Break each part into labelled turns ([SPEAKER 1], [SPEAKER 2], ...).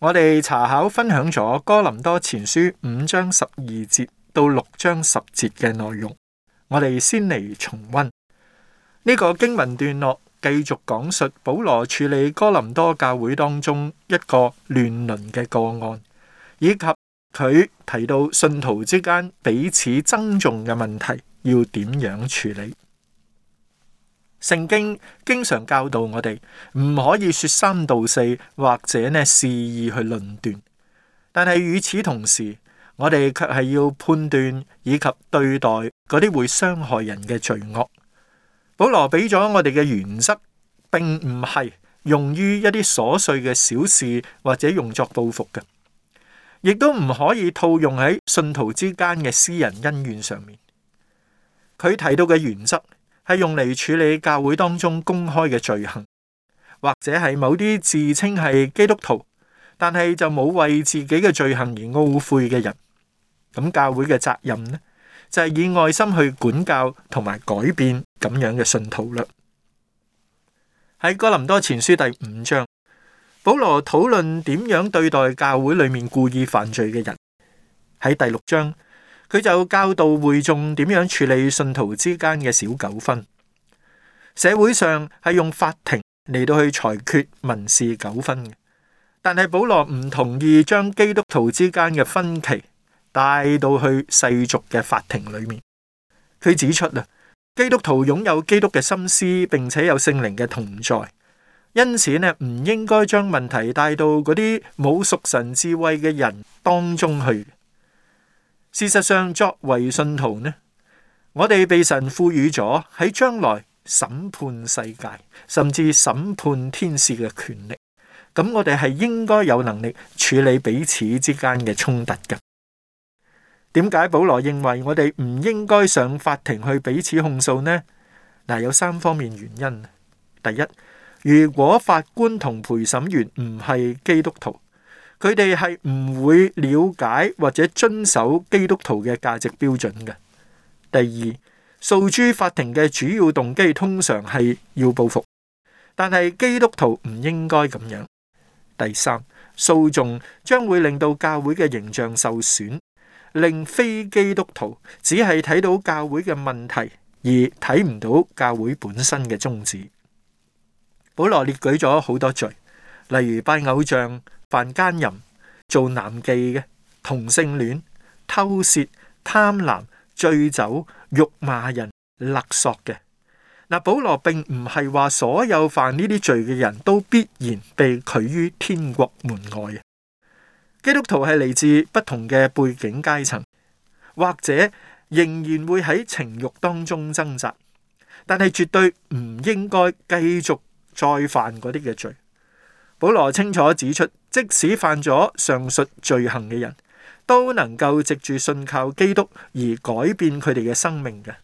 [SPEAKER 1] 我哋查考分享咗哥林多前書五章十二節到六章十節嘅內容，我哋先嚟重溫呢個經文段落，繼續講述保羅處理哥林多教會當中一個亂倫嘅個案，以及佢提到信徒之間彼此爭訟嘅問題要點樣處理。聖經經常教導我哋唔可以說三道四或者呢肆意去論斷，但係與此同時，我哋卻係要判斷以及對待嗰啲會傷害人嘅罪惡。保羅俾咗我哋嘅原則，並唔係用於一啲瑣碎嘅小事或者用作報復嘅，亦都唔可以套用喺信徒之間嘅私人恩怨上面。佢提到嘅原則。係用嚟處理教會當中公開嘅罪行，或者係某啲自稱係基督徒，但係就冇為自己嘅罪行而懊悔嘅人。咁教會嘅責任呢，就係以愛心去管教同埋改變咁樣嘅信徒啦。喺哥林多前書第五章，保羅討論點樣對待教會裏面故意犯罪嘅人。喺第六章。佢就教導會眾點樣處理信徒之間嘅小糾紛。社會上係用法庭嚟到去裁決民事糾紛嘅，但係保羅唔同意將基督徒之間嘅分歧帶到去世俗嘅法庭裏面。佢指出啊，基督徒擁有基督嘅心思，並且有聖靈嘅同在，因此咧唔應該將問題帶到嗰啲冇屬神智慧嘅人當中去。事實上，作為信徒呢，我哋被神賦予咗喺將來審判世界，甚至審判天使嘅權力。咁我哋係應該有能力處理彼此之間嘅衝突㗎。點解保羅認為我哋唔應該上法庭去彼此控訴呢？嗱，有三方面原因，第一，如果法官同陪審員唔係基督徒。佢哋係唔會了解或者遵守基督徒嘅價值標準嘅。第二，訴諸法庭嘅主要動機通常係要報復，但係基督徒唔應該咁樣。第三，訴訟將會令到教會嘅形象受損，令非基督徒只係睇到教會嘅問題，而睇唔到教會本身嘅宗旨。保羅列舉咗好多罪，例如拜偶像。犯姦淫、做男妓嘅同性戀、偷竊、貪婪、醉酒、辱罵人、勒索嘅，嗱，保羅並唔係話所有犯呢啲罪嘅人都必然被拒於天國門外嘅。基督徒係嚟自不同嘅背景階層，或者仍然會喺情欲當中掙扎，但係絕對唔應該繼續再犯嗰啲嘅罪。保羅清楚指出。即使犯咗上述罪行嘅人都能夠藉住信靠基督而改變佢哋嘅生命嘅，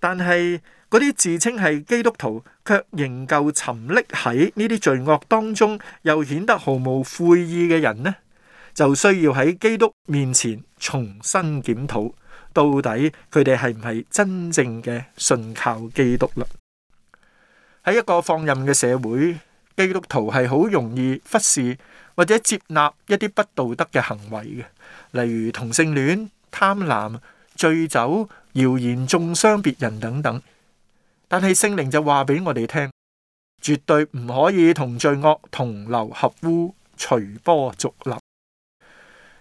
[SPEAKER 1] 但係嗰啲自稱係基督徒卻仍舊沉溺喺呢啲罪惡當中，又顯得毫無悔意嘅人呢，就需要喺基督面前重新檢討，到底佢哋係唔係真正嘅信靠基督啦？喺一個放任嘅社會。基督徒係好容易忽視或者接納一啲不道德嘅行為嘅，例如同性戀、貪婪、醉酒、謠言、中傷別人等等。但係聖靈就話俾我哋聽，絕對唔可以同罪惡同流合污、隨波逐流，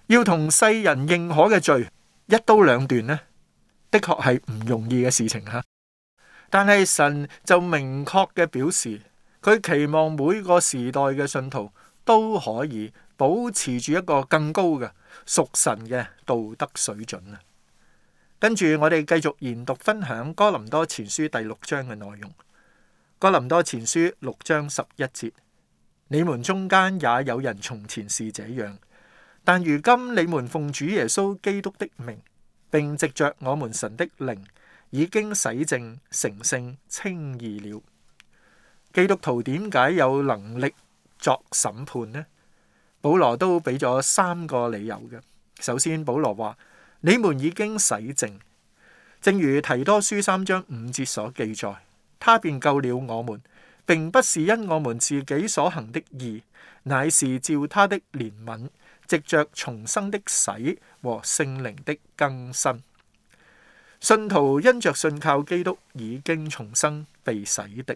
[SPEAKER 1] 要同世人認可嘅罪一刀兩斷呢。的確係唔容易嘅事情吓，但係神就明確嘅表示。佢期望每個時代嘅信徒都可以保持住一個更高嘅屬神嘅道德水準啊！跟住我哋繼續研讀分享哥林多前書第六章嘅內容。哥林多前書六章十一節：你們中間也有人從前是這樣，但如今你們奉主耶穌基督的名，並藉着我們神的靈，已經洗淨、成聖、稱義了。基督徒點解有能力作審判呢？保羅都俾咗三個理由嘅。首先，保羅話：你們已經洗淨，正如提多書三章五節所記載，他便救了我們。並不是因我們自己所行的義，乃是照他的憐憫，藉着重生的洗和聖靈的更新。信徒因着信靠基督已經重生，被洗滌。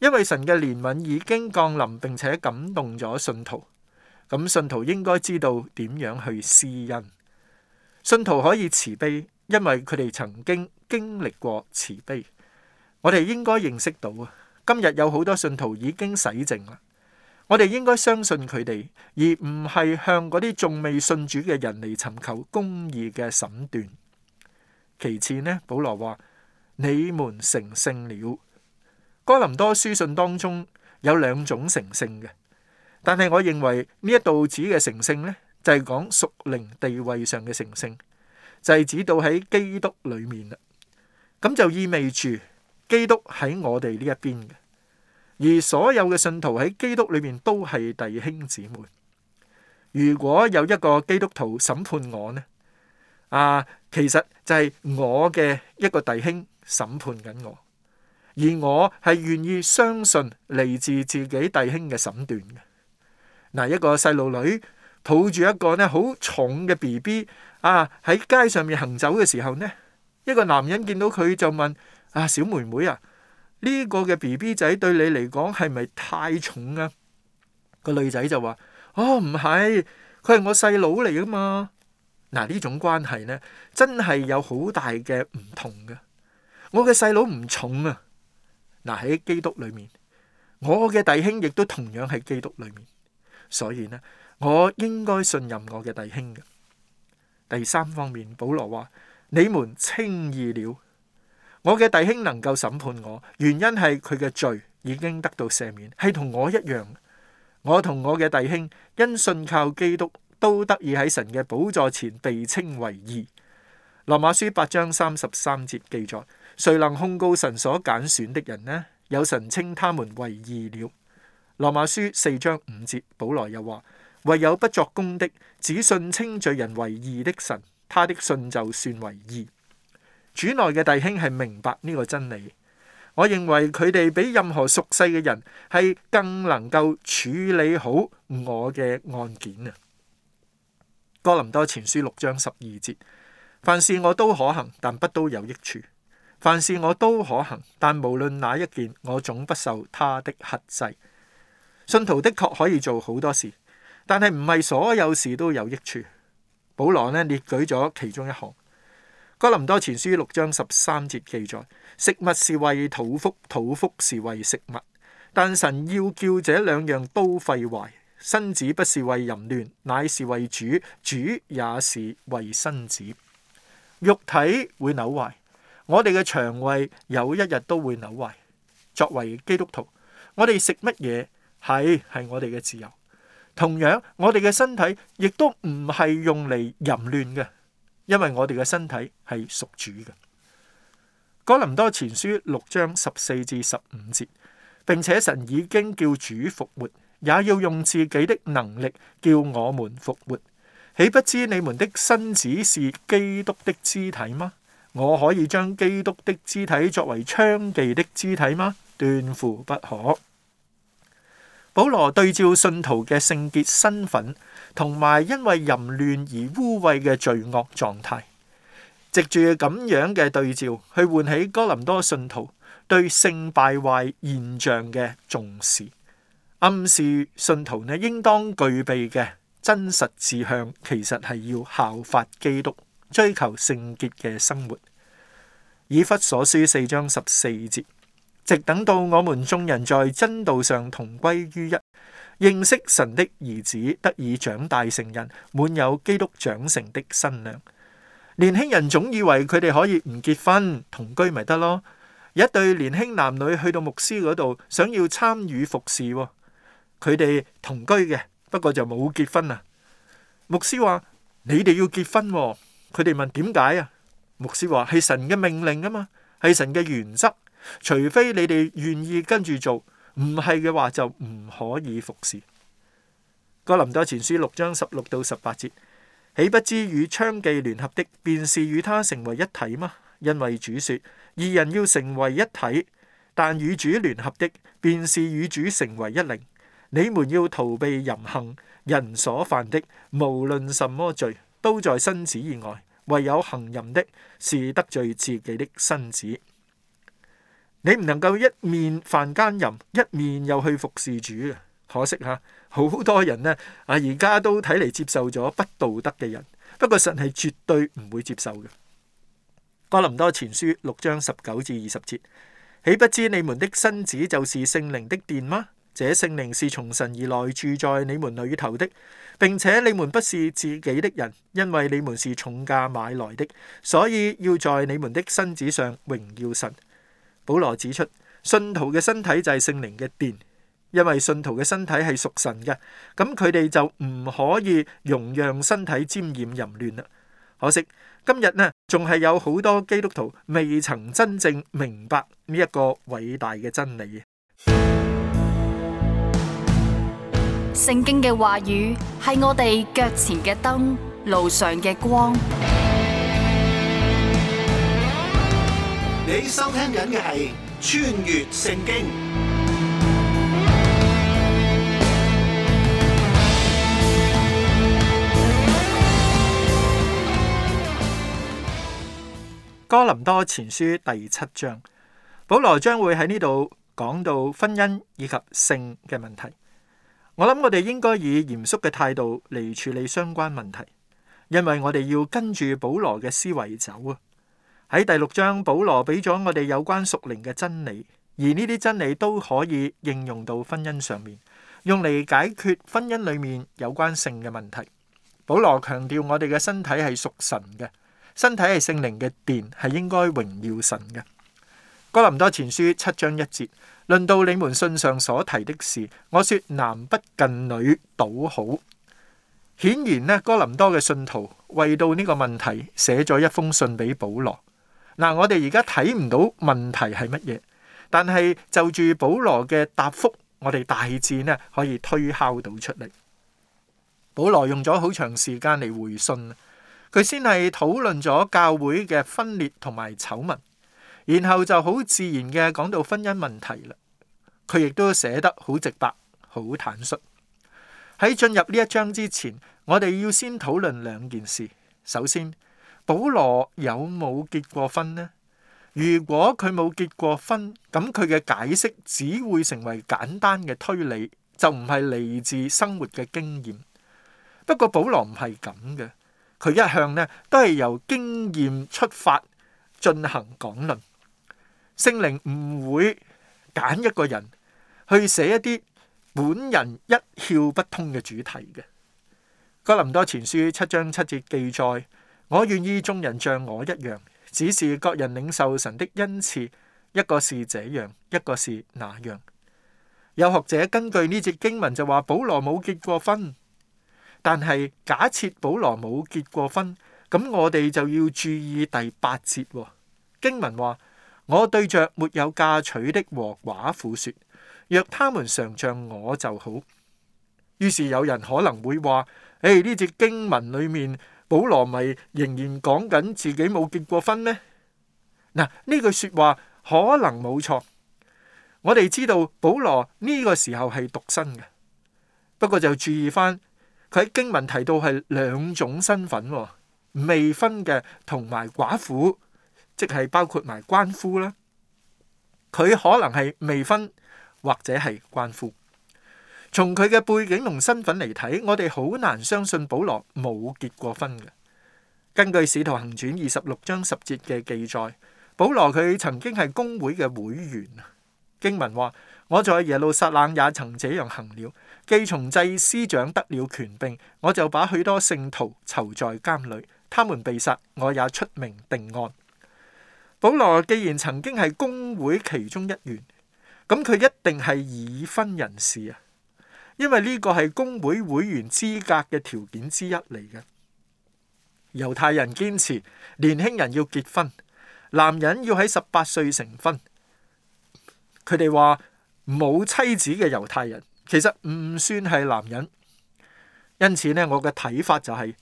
[SPEAKER 1] 因為神嘅憐憫已經降臨，並且感動咗信徒，咁信徒應該知道點樣去施恩。信徒可以慈悲，因為佢哋曾經經歷過慈悲。我哋應該認識到啊，今日有好多信徒已經洗淨啦。我哋應該相信佢哋，而唔係向嗰啲仲未信主嘅人嚟尋求公義嘅審斷。其次呢，保羅話：你們成聖了。哥林多書信當中有兩種成聖嘅，但係我認為呢一道指嘅成聖呢，就係講屬靈地位上嘅成聖，就係指到喺基督裏面啦。咁就意味住基督喺我哋呢一邊嘅，而所有嘅信徒喺基督裏面都係弟兄姊妹。如果有一個基督徒審判我呢，啊，其實就係我嘅一個弟兄審判緊我。而我係願意相信嚟自自己弟兄嘅審斷嘅。嗱，一個細路女抱住一個咧好重嘅 BB 啊，喺街上面行走嘅時候呢，一個男人見到佢就問：啊，小妹妹啊，呢個嘅 BB 仔對你嚟講係咪太重啊？個女仔就話：哦，唔係，佢係我細佬嚟噶嘛。嗱、啊，呢種關係呢，真係有好大嘅唔同嘅。我嘅細佬唔重啊。嗱喺基督裏面，我嘅弟兄亦都同樣喺基督裏面，所以呢，我應該信任我嘅弟兄嘅。第三方面，保羅話：你們稱義了，我嘅弟兄能夠審判我，原因係佢嘅罪已經得到赦免，係同我一樣。我同我嘅弟兄因信靠基督，都得以喺神嘅寶座前被稱為義。羅馬書八章三十三節記載。誰能控告神所揀選的人呢？有神稱他們為義了。羅馬書四章五節，保羅又話：唯有不作功的，只信稱罪人為義的神，他的信就算為義。主內嘅弟兄係明白呢個真理。我認為佢哋比任何熟悉嘅人係更能夠處理好我嘅案件啊。哥林多前書六章十二節：凡事我都可行，但不都有益處。凡事我都可行，但無論哪一件，我總不受他的轄制。信徒的確可以做好多事，但係唔係所有事都有益處。保羅呢列舉咗其中一項，《哥林多前書》六章十三節記載：食物是為肚腹，肚腹是為食物。但神要叫這兩樣都廢壞。身子不是為淫亂，乃是為主；主也是為身子。肉體會朽壞。我哋嘅腸胃有一日都會扭壞。作為基督徒，我哋食乜嘢係係我哋嘅自由。同樣，我哋嘅身體亦都唔係用嚟淫亂嘅，因為我哋嘅身體係屬主嘅。哥林多前書六章十四至十五節，並且神已經叫主復活，也要用自己的能力叫我們復活。豈不知你們的身子是基督的肢體嗎？我可以將基督的肢體作為娼妓的肢體嗎？斷乎不可。保羅對照信徒嘅聖潔身份，同埋因為淫亂而污穢嘅罪惡狀態，藉住咁樣嘅對照，去喚起哥林多信徒對性敗壞現象嘅重視，暗示信徒呢應當具備嘅真實志向，其實係要效法基督。追求聖潔嘅生活，以弗所書四章十四節，直等到我們眾人在真道上同歸於一，認識神的兒子，得以長大成人，滿有基督長成的身量。年輕人總以為佢哋可以唔結婚同居咪得咯？有一對年輕男女去到牧師嗰度，想要參與服侍喎，佢哋同居嘅，不過就冇結婚啊。牧師話：你哋要結婚喎。佢哋問點解啊？牧師話係神嘅命令啊嘛，係神嘅原則。除非你哋願意跟住做，唔係嘅話就唔可以服侍。哥林多前書六章十六到十八節，豈不知與娼妓聯合的，便是與他成為一體嗎？因為主說二人要成為一體，但與主聯合的，便是與主成為一靈。你們要逃避淫行，人所犯的，無論什麼罪。都在身子以外，唯有行淫的是得罪自己的身子。你唔能夠一面犯奸淫，一面又去服侍主。可惜吓，好多人呢，啊，而家都睇嚟，接受咗不道德嘅人。不過神係絕對唔會接受嘅。哥林多前書六章十九至二十節，豈不知你們的身子就是聖靈的殿嗎？這聖靈是從神而來，住在你們裏頭的，並且你們不是自己的人，因為你們是重價買來的，所以要在你們的身子上榮耀神。保羅指出，信徒嘅身體就係聖靈嘅殿，因為信徒嘅身體係屬神嘅，咁佢哋就唔可以容讓身體沾染淫亂啦。可惜今日呢，仲係有好多基督徒未曾真正明白呢一個偉大嘅真理嘅。聖經嘅話語係我哋腳前嘅燈，路上嘅光。你收聽緊嘅係《穿越聖經》。哥林多前書第七章，保羅將會喺呢度講到婚姻以及性嘅問題。我諗我哋應該以嚴肅嘅態度嚟處理相關問題，因為我哋要跟住保羅嘅思維走啊。喺第六章，保羅俾咗我哋有關屬靈嘅真理，而呢啲真理都可以應用到婚姻上面，用嚟解決婚姻裏面有關性嘅問題。保羅強調我哋嘅身體係屬神嘅，身體係聖靈嘅殿，係應該榮耀神嘅。哥林多前書七章一節。論到你們信上所提的事，我說男不近女倒好。顯然呢，哥林多嘅信徒為到呢個問題寫咗一封信俾保羅。嗱，我哋而家睇唔到問題係乜嘢，但係就住保羅嘅答覆，我哋大致呢可以推敲到出嚟。保羅用咗好長時間嚟回信，佢先係討論咗教會嘅分裂同埋醜聞，然後就好自然嘅講到婚姻問題啦。佢亦都寫得好直白、好坦率。喺進入呢一章之前，我哋要先討論兩件事。首先，保羅有冇結過婚呢？如果佢冇結過婚，咁佢嘅解釋只會成為簡單嘅推理，就唔係嚟自生活嘅經驗。不過保羅唔係咁嘅，佢一向呢都係由經驗出發進行講論。聖靈唔會揀一個人去寫一啲本人一竅不通嘅主題嘅《哥林多前書》七章七節記載：我願意眾人像我一樣，只是各人領受神的恩賜，一個是這樣，一個是那樣。有學者根據呢節經文就話保羅冇結過婚，但係假設保羅冇結過婚，咁我哋就要注意第八節喎。經文話：我對着沒有嫁娶的和寡婦說。若他們常像我就好，於是有人可能會話，誒、哎，呢節經文裏面保羅咪仍然講緊自己冇結過婚咩？嗱，呢句說話可能冇錯。我哋知道保羅呢個時候係獨身嘅，不過就注意翻佢喺經文提到係兩種身份，未婚嘅同埋寡婦，即係包括埋鰥夫啦。佢可能係未婚。或者係鰥夫，從佢嘅背景同身份嚟睇，我哋好難相信保羅冇結過婚嘅。根據《使徒行傳》二十六章十節嘅記載，保羅佢曾經係公會嘅會員。經文話：我在耶路撒冷也曾這樣行了，既從祭司長得了權柄，我就把許多聖徒囚在監裏，他們被殺，我也出名定案。保羅既然曾經係公會其中一員。咁佢一定係已婚人士啊，因為呢個係公會會員資格嘅條件之一嚟嘅。猶太人堅持年輕人要結婚，男人要喺十八歲成婚。佢哋話冇妻子嘅猶太人其實唔算係男人。因此呢，我嘅睇法就係，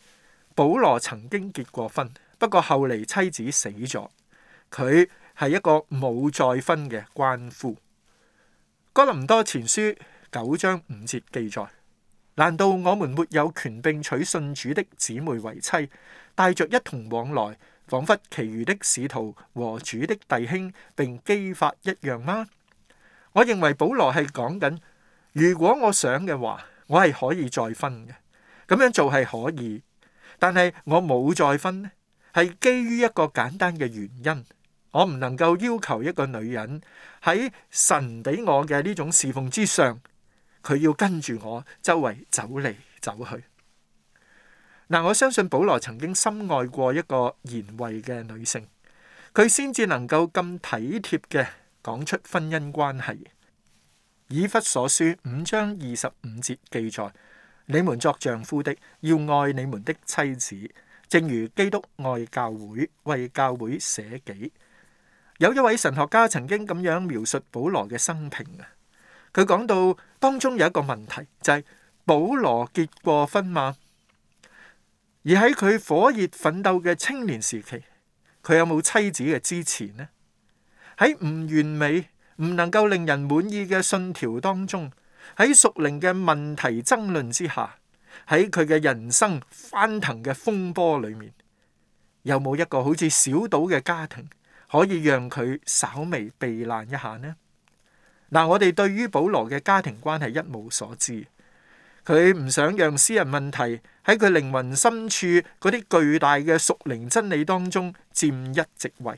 [SPEAKER 1] 保羅曾經結過婚，不過後嚟妻子死咗，佢係一個冇再婚嘅鰥夫。哥林多前書九章五節記載：難道我們沒有權並娶信主的姊妹為妻，帶着一同往來，仿佛其餘的使徒和主的弟兄並基法一樣嗎？我認為保羅係講緊，如果我想嘅話，我係可以再分嘅。咁樣做係可以，但係我冇再分呢，係基於一個簡單嘅原因。我唔能夠要求一個女人喺神俾我嘅呢種侍奉之上，佢要跟住我周圍走嚟走去。嗱，我相信保羅曾經深愛過一個賢惠嘅女性，佢先至能夠咁體貼嘅講出婚姻關係。以弗所書五章二十五節記載：你們作丈夫的，要愛你們的妻子，正如基督愛教會，為教會捨己。有一位神學家曾經咁樣描述保羅嘅生平啊。佢講到當中有一個問題，就係保羅結過婚嘛。而喺佢火熱奮鬥嘅青年時期，佢有冇妻子嘅支持呢？喺唔完美、唔能夠令人滿意嘅信條當中，喺熟齡嘅問題爭論之下，喺佢嘅人生翻騰嘅風波裏面，有冇一個好似小島嘅家庭？可以讓佢稍微避難一下呢？嗱，我哋對於保羅嘅家庭關係一無所知。佢唔想讓私人問題喺佢靈魂深處嗰啲巨大嘅屬靈真理當中佔一席位。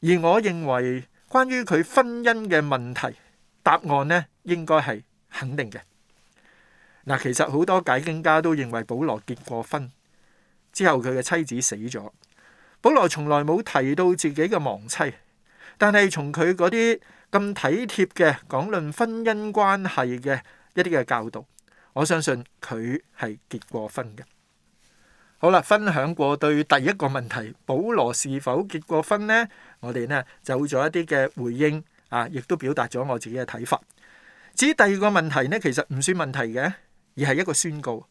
[SPEAKER 1] 而我認為關於佢婚姻嘅問題答案呢，應該係肯定嘅。嗱，其實好多解經家都認為保羅結過婚，之後佢嘅妻子死咗。保羅從來冇提到自己嘅亡妻，但係從佢嗰啲咁體貼嘅講論婚姻關係嘅一啲嘅教導，我相信佢係結過婚嘅。好啦，分享過對第一個問題，保羅是否結過婚呢？我哋呢就做咗一啲嘅回應啊，亦都表達咗我自己嘅睇法。至於第二個問題呢，其實唔算問題嘅，而係一個宣告。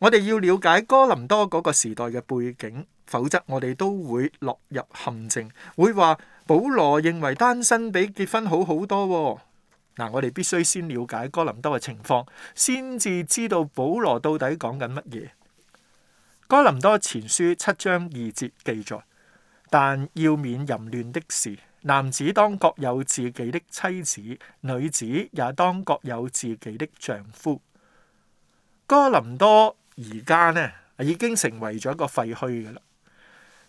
[SPEAKER 1] 我哋要了解哥林多嗰個時代嘅背景，否則我哋都會落入陷阱，會話保羅認為單身比結婚好好多，哦。嗱，我哋必須先了解哥林多嘅情況，先至知道保羅到底講緊乜嘢。哥林多前書七章二節記載，但要免淫亂的事，男子當各有自己的妻子，女子也當各有自己的丈夫。哥林多。而家呢，已經成為咗一個廢墟嘅啦。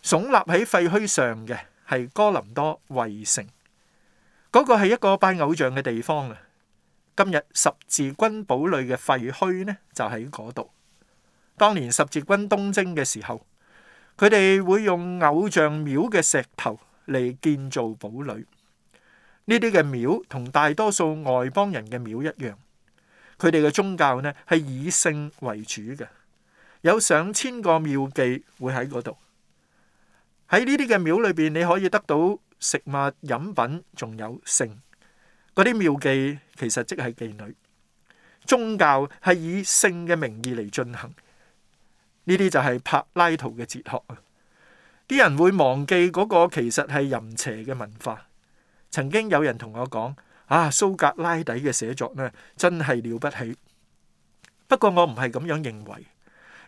[SPEAKER 1] 聳立喺廢墟上嘅係哥林多衛城，嗰個係一個拜偶像嘅地方啊。今日十字軍堡壘嘅廢墟呢，就喺嗰度。當年十字軍東征嘅時候，佢哋會用偶像廟嘅石頭嚟建造堡壘。呢啲嘅廟同大多數外邦人嘅廟一樣，佢哋嘅宗教呢係以聖為主嘅。有上千個廟妓會喺嗰度。喺呢啲嘅廟裏邊，你可以得到食物、飲品，仲有性。嗰啲廟妓，其實即係妓女。宗教係以性嘅名義嚟進行。呢啲就係柏拉圖嘅哲學。啲人會忘記嗰個其實係淫邪嘅文化。曾經有人同我講啊，蘇格拉底嘅寫作呢，真係了不起，不過我唔係咁樣認為。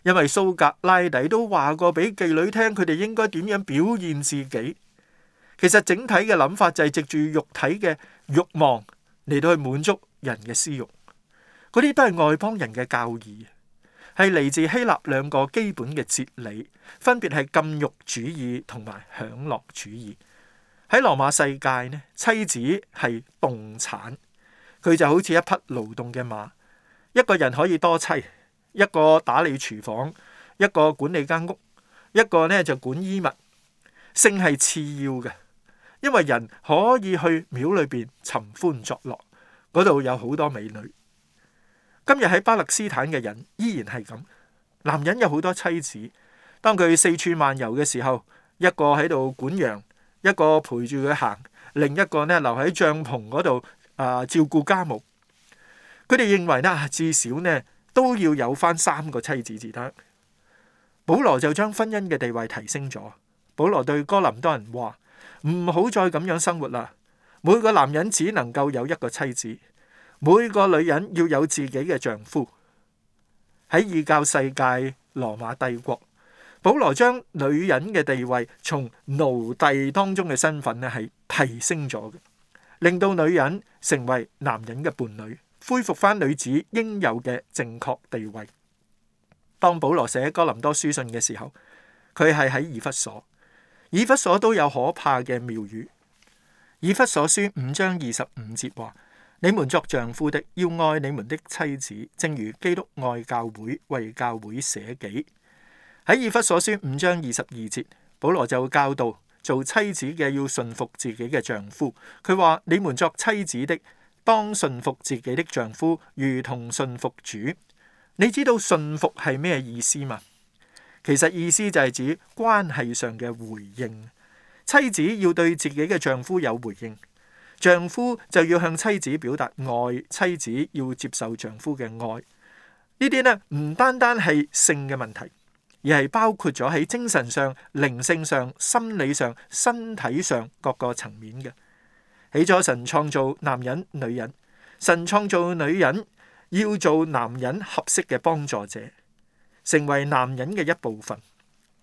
[SPEAKER 1] 因為蘇格拉底都話過俾妓女聽，佢哋應該點樣表現自己？其實整體嘅諗法就係藉住肉體嘅欲望嚟到去滿足人嘅私欲，嗰啲都係外邦人嘅教義，係嚟自希臘兩個基本嘅哲理，分別係禁欲主義同埋享樂主義。喺羅馬世界呢，妻子係動產，佢就好似一匹勞動嘅馬，一個人可以多妻。一個打理廚房，一個管理間屋，一個咧就管衣物。性係次要嘅，因為人可以去廟裏邊尋歡作樂，嗰度有好多美女。今日喺巴勒斯坦嘅人依然係咁，男人有好多妻子。當佢四處漫遊嘅時候，一個喺度管羊，一個陪住佢行，另一個呢留喺帳篷嗰度啊照顧家務。佢哋認為呢，至少呢。都要有返三個妻子至得。保羅就將婚姻嘅地位提升咗。保羅對哥林多人話：唔好再咁樣生活啦。每個男人只能夠有一個妻子，每個女人要有自己嘅丈夫。喺異教世界、羅馬帝國，保羅將女人嘅地位從奴隸當中嘅身份咧，係提升咗嘅，令到女人成為男人嘅伴侶。恢復返女子應有嘅正確地位。當保羅寫哥林多書信嘅時候，佢係喺以弗所。以弗所都有可怕嘅妙語。以弗所書五章二十五節話：你們作丈夫的要愛你們的妻子，正如基督愛教會，為教會捨己。喺以弗所書五章二十二節，保羅就教導做妻子嘅要順服自己嘅丈夫。佢話：你們作妻子的，當順服自己的丈夫，如同順服主。你知道順服係咩意思嘛？其實意思就係指關係上嘅回應。妻子要對自己嘅丈夫有回應，丈夫就要向妻子表達愛。妻子要接受丈夫嘅愛。呢啲呢，唔單單係性嘅問題，而係包括咗喺精神上、靈性上、心理上、身體上各個層面嘅。起咗神創造男人女人，神創造女人要做男人合適嘅幫助者，成為男人嘅一部分。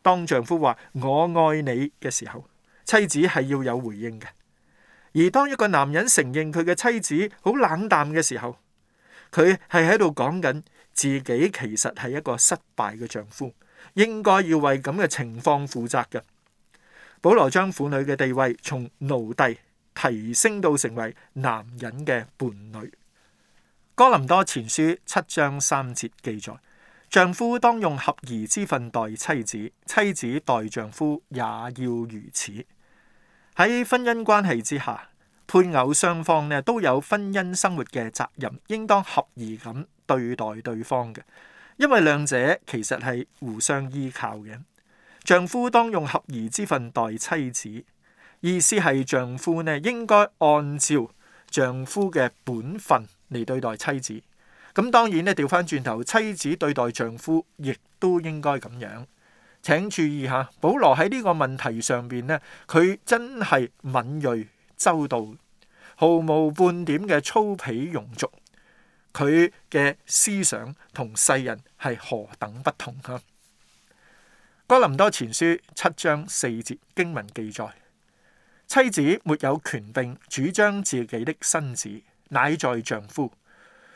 [SPEAKER 1] 當丈夫話我愛你嘅時候，妻子係要有回應嘅。而當一個男人承認佢嘅妻子好冷淡嘅時候，佢係喺度講緊自己其實係一個失敗嘅丈夫，應該要為咁嘅情況負責嘅。保羅將婦女嘅地位從奴隸，提升到成為男人嘅伴侶。哥林多前書七章三節記載：丈夫當用合宜之分待妻子，妻子待丈夫也要如此。喺婚姻關係之下，配偶雙方呢都有婚姻生活嘅責任，應當合宜咁對待對方嘅，因為兩者其實係互相依靠嘅。丈夫當用合宜之分待妻子。意思係丈夫呢應該按照丈夫嘅本分嚟對待妻子，咁當然呢調返轉頭，妻子對待丈夫亦都應該咁樣。請注意下，保羅喺呢個問題上邊呢，佢真係敏鋭周到，毫無半點嘅粗鄙庸俗，佢嘅思想同世人係何等不同啊！哥林多前書七章四節經文記載。妻子沒有權柄主張自己的身子，乃在丈夫；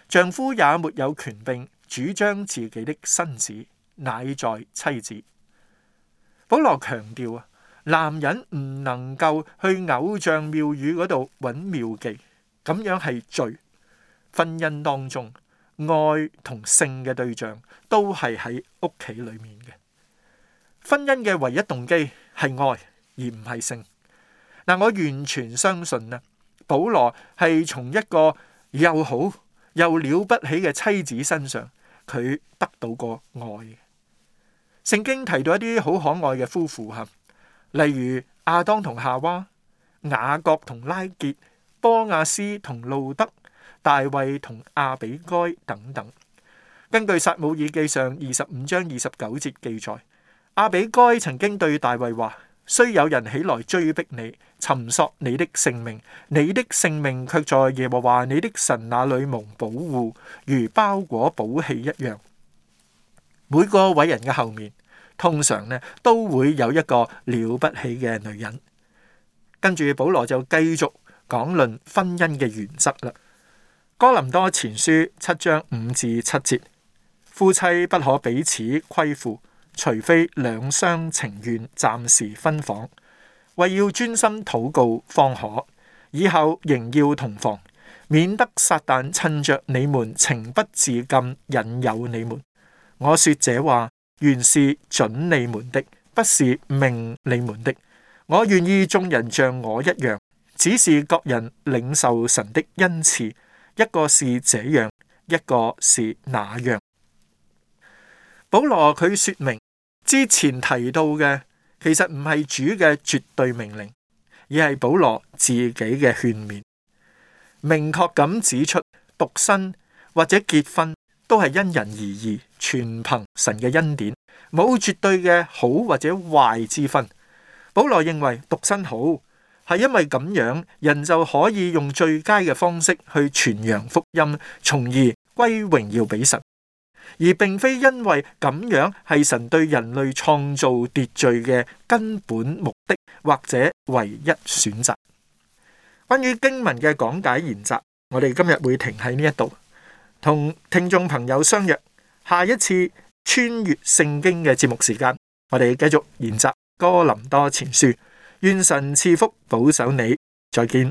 [SPEAKER 1] 丈夫也沒有權柄主張自己的身子，乃在妻子。保羅強調啊，男人唔能夠去偶像廟宇嗰度揾廟妓，咁樣係罪。婚姻當中愛同性嘅對象都係喺屋企裏面嘅，婚姻嘅唯一動機係愛而唔係性。嗱，但我完全相信啊，保羅係從一個又好又了不起嘅妻子身上，佢得到過愛。聖經提到一啲好可愛嘅夫婦吓，例如亞當同夏娃、雅各同拉結、波亞斯同路德、大衛同阿比該等等。根據撒母耳記上二十五章二十九節記載，阿比該曾經對大衛話。雖有人起來追逼你，尋索你的性命，你的性命却在耶和華你的神那裏蒙保護，如包裹寶器一樣。每個偉人嘅後面，通常呢都會有一個了不起嘅女人。跟住保羅就繼續講論婚姻嘅原則啦，《哥林多前書》七章五至七節：夫妻不可彼此虧負。除非兩相情願，暫時分房，為要專心禱告方可。以後仍要同房，免得撒旦趁着你們情不自禁引誘你們。我說這話，原是準你們的，不是命你們的。我願意眾人像我一樣，只是各人領受神的恩賜，一個是這樣，一個是那樣。保羅佢說明。之前提到嘅，其實唔係主嘅絕對命令，而係保羅自己嘅勸勉，明確咁指出，獨身或者結婚都係因人而異，全憑神嘅恩典，冇絕對嘅好或者壞之分。保羅認為獨身好，係因為咁樣，人就可以用最佳嘅方式去傳揚福音，從而歸榮耀俾神。而並非因為咁樣係神對人類創造秩序嘅根本目的或者唯一選擇。關於經文嘅講解研習，我哋今日會停喺呢一度，同聽眾朋友相約下一次穿越聖經嘅節目時間，我哋繼續研習哥林多前書。願神賜福保守你，再見。